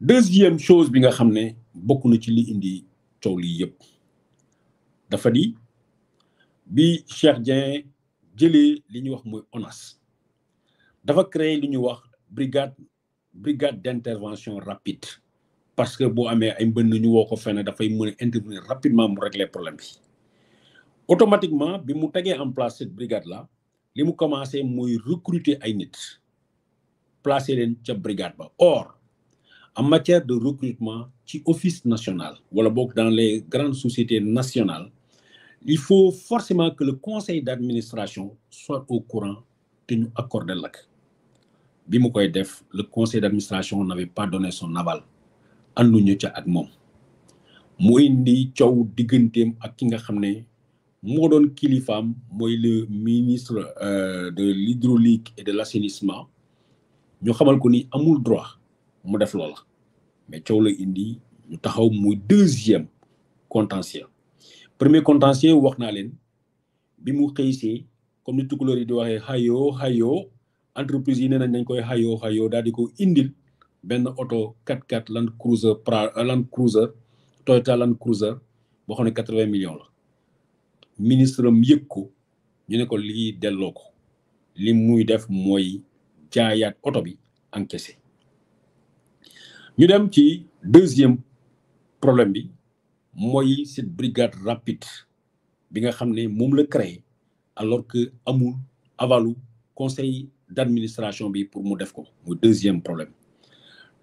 deuxième chose bi nga xam bokku na ci li indi coow li yeb dafa di bi Cheikh Dieng jëlee li wax moy ONAS dafa créer li wax brigade brigade d'intervention rapide parce que si on ay mbënn ñu woko ko dafay intervenir rapidement pour régler problème bi automatiquement bi mu tagué en place cette brigade là li mu commencé à recruter ay nit placer dans la brigade ba or en matière de recrutement qui office national wala donc dans les grandes sociétés nationales il faut forcément que le conseil d'administration soit au courant de nous accorder l'AC. bi koy def le conseil d'administration n'avait pas donné son aval ànduñu ca ak moom mu indi coow digganteem ak ki nga xam Kilifam, moo le ministre euh, de l'hydraulique et de l'assainissement ñu xamal ko ni amul droit mu def loola mais coow la indi ñu taxaw muy deuxième contentieux premier contentieux wax naa leen bi mu xëysee comme ni tukulóor yi di waxee xayoo xayoo entreprise yi nee nañ dañ koy xayoo xayoo daal di ko indil benn oto 4x4 Land Cruiser pra Land Cruiser Toyota Land Cruiser boo xam ne quatre-vingts millions la ministre am yëg ko ñu ne ko lii delloo ko li muy def mooy jaayaat oto bi encaissé ñu dem ci deuxième problème bi cette brigade rapide bi nga ne le créé alors que amul Avalou conseil d'administration bi pour mu def ko deuxième problème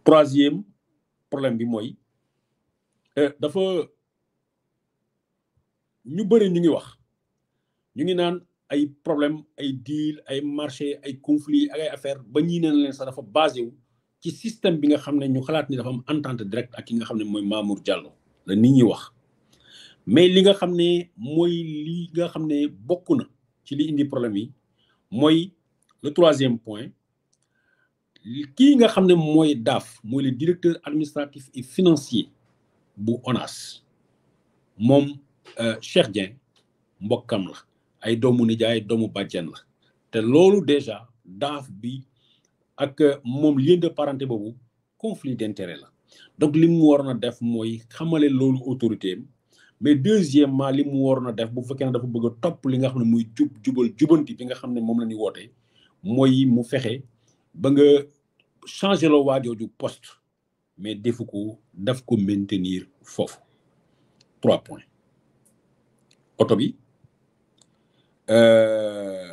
troisième problème bi que euh, dafa ñu des ñu ngi wax ñu ngi des ay problème ay deal ay marché ay conflit affaire ba leen ci système bi nga xam ne ñu xalaat ni dafa am entente direct ak ki nga xam ne mooy Mamour Diallo la nit ñi wax mais li nga xam ne mooy li nga xam ne bokk na ci li indi problème yi mooy le troisième point kii nga xam ne mooy DAF mooy le directeur administratif et financier bu ONAS moom euh, Cheikh Dieng mbokkam la ay doomu nijaay doomu bàjjen la te loolu déjà DAF bi ak euh, mom lien de parenté bobu conflit d'intérêt la donc li mu def moy xamale lolu autorité mais deuxièmement li mu def bu fekkee dafa bëgg top li nga xamné moy muy jub jubal jubanti bi nga xamné mom moom woté moy mu fexé ba nga changer la du poste mais defu daf ko maintenir foofu trois points auto bi. Euh,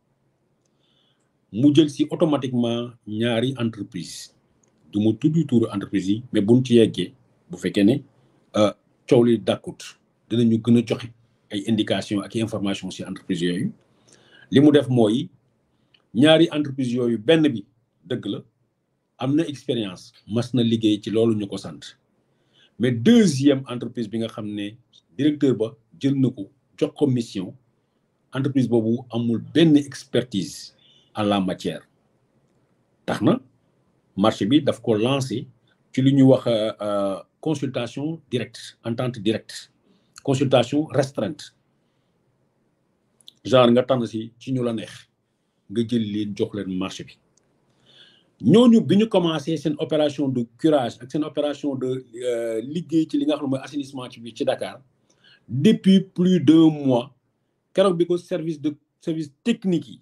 mu jël si automatiquement ñaari entreprise du mu tuddu tour entreprise yi mais buñ ci yeggee bu fekkee ne euh, coow li dàkkut dinañu gën a joxe ay indication ak information si entreprise yooyu li mu def mooy ñaari entreprise yooyu benn bi dëgg la am na expérience mas na liggéey ci loolu ñu ko sant mais deuxième entreprise bi nga xam ne directeur ba jël na ko jox ko mission entreprise boobu amul benn expertise en la matière Donc, marché bi daf ko lancé ci li wax euh, euh, consultation directe entente directe consultation restreinte genre nga tan si ci ñu la neex nga jël li jox marché bi ñooñu commencé une opération de curage ak opération de euh, l'assainissement de li nga xam Dakar depuis plus d'un mois Car bi ko service de service technique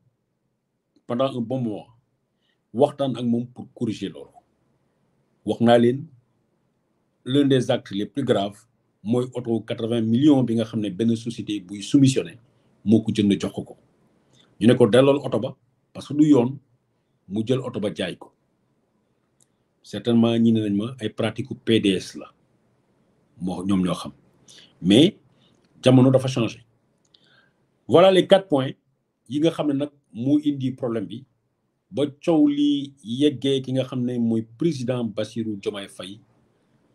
pendant un bon moment waxtaan ak mom pour corriger l'eau wax l'un des actes les plus graves moy auto 80 millions bi nga xamné ne société buy soumissionné moko jënd jox ko ñu ne ko delol auto ba parce que du yoon mu jël auto ba jaay ko certainement ñi nañ ma ay pratique PDS la mo ñom ñoo xam mais jamono dafa changer. voilà les quatre points yi nga xamné nak mo indi problème bi ba ciow li yegge ki nga moy président Bassirou jomay Faye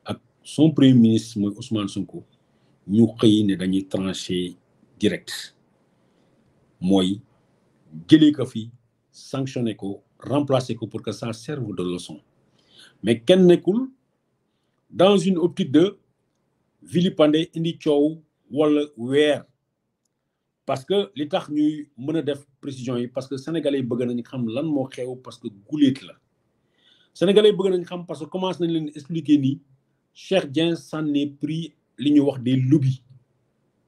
ak son premier ministre moy Ousmane Sonko ñu xëy ne dañuy tranché direct moy jëlee ko fi sanctionné ko remplacer ko pour que ça serve de leçon mais ken nekul dans une optique de vilipender indi ciow wala weer parce que li tax ñuy mëna def précision yi parce que sénégalais yi bëgg nañ xam lan mo xew parce que guléet la sénégalais yi bëgg nañ xam parce que commencé nañ leen expliquer ni Cheikh Dieng s'en est pris li ñu wax des lobbies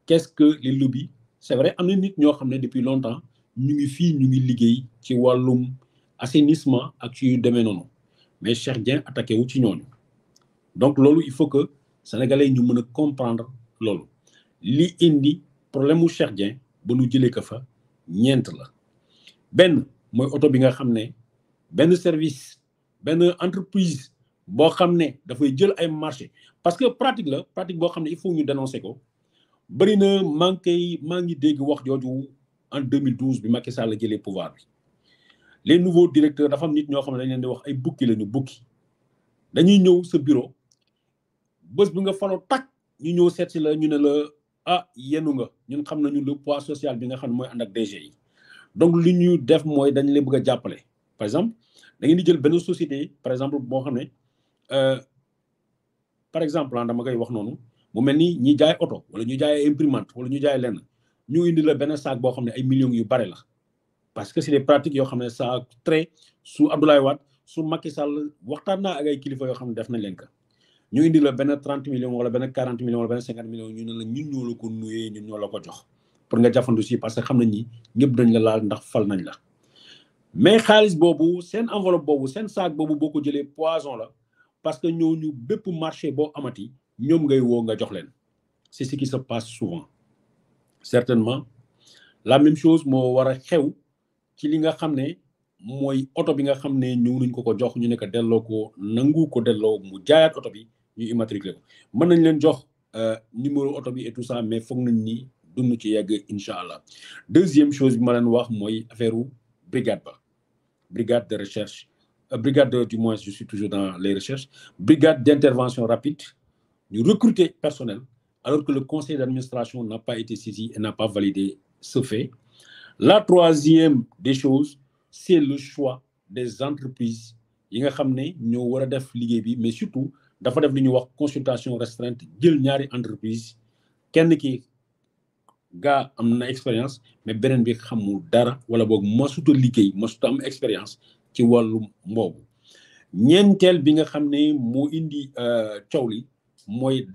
qu'est-ce que les lobbies c'est vrai am nit ñoo xamné depuis longtemps ñu ngi fi ñu ngi liggéey ci walum assainissement ak ci yu mais Cheikh Dieng attaqué wu ci ñooñu donc lolu il faut que sénégalais ñu mëna comprendre lolu li indi problème mu Cheikh ba nu jëlee ko fa ñeent la benn mooy oto bi nga xam ne benn service benn entreprise boo xam ne dafay jël ay marché parce que pratique la pratique boo xam ne il faut ñu dénoncer ko bëri na maa ngi maa ngi dégg wax jooju en 2012 bi Macky Sall jëlee pouvoir bi les nouveaux directeurs dafa am nit ñoo xam ne dañ leen di wax ay bukki la ñu bukki dañuy ñëw sa bureau bés bi nga faloo tàkk ñu ñëw seet si la ñu ne la ah yenu nga ñun xam nañu lu poids sociale bi nga xam ne mooy ànd ak DG yi donc lu ñu def mooy dañ leen bëgg a jàppale par exemple da ngeen di jël benn société par exemple boo xam ne euh, par exemple ah dama koy wax noonu mu mel ni ñi jaay oto wala ñu jaay imprimante wala ñu jaay leen ñu indi la benn saak boo xam ne ay millions yu bare la parce que c'est des pratiques yoo xam ne ça très su Abdoulaye Wade su Macky Sall waxtaan naa ak ay kilifa yoo xam ne def nañ leen ñu indila la benn trente millions wala benn quarante millions wala benn cinquante millions ñu ne la ñun ñoo ko nuyee ñu ñoo la ko jox pour nga jafandu si parce que xam na ni ñëpp dañ la laal ndax fal nañ la mais xaalis boobu seen enveloppe boobu seen saak boobu boo ko jëlee poison la parce que ñu bépp marché boo amati ñoom ngay woo nga jox leen c'est ce qui se passe souvent certainement la même chose moo war a xew ci li nga xam ne mooy oto bi nga xam ne ñëw nañ ko ko jox ñu ne ko delloo ko nangu ko delloo mu jaayaat bi ñu immatriculé ko mën nañ euh, numéro auto bi et tout ça mais foog nañ ni dund ci yegg deuxième chose bi ma leen wax mooy affaire brigade ba brigade de recherche euh, brigade du moins je suis toujours dans les recherches brigade d'intervention rapide ñu recruter personnel alors que le conseil d'administration n'a pas été saisi et n'a pas validé ce fait la troisième des choses c'est le choix des entreprises yi nga xam ñoo war a def mais surtout dafa def lu ñuy wax consultation restreinte jël ñaari entreprise kenn ki gaa am na expérience mais beneen bi xamul dara wala boog masuta liggéey masuta am expérience ci wàllu mboobu ñeenteel bi nga xam ne moo indi euh, coow li mooy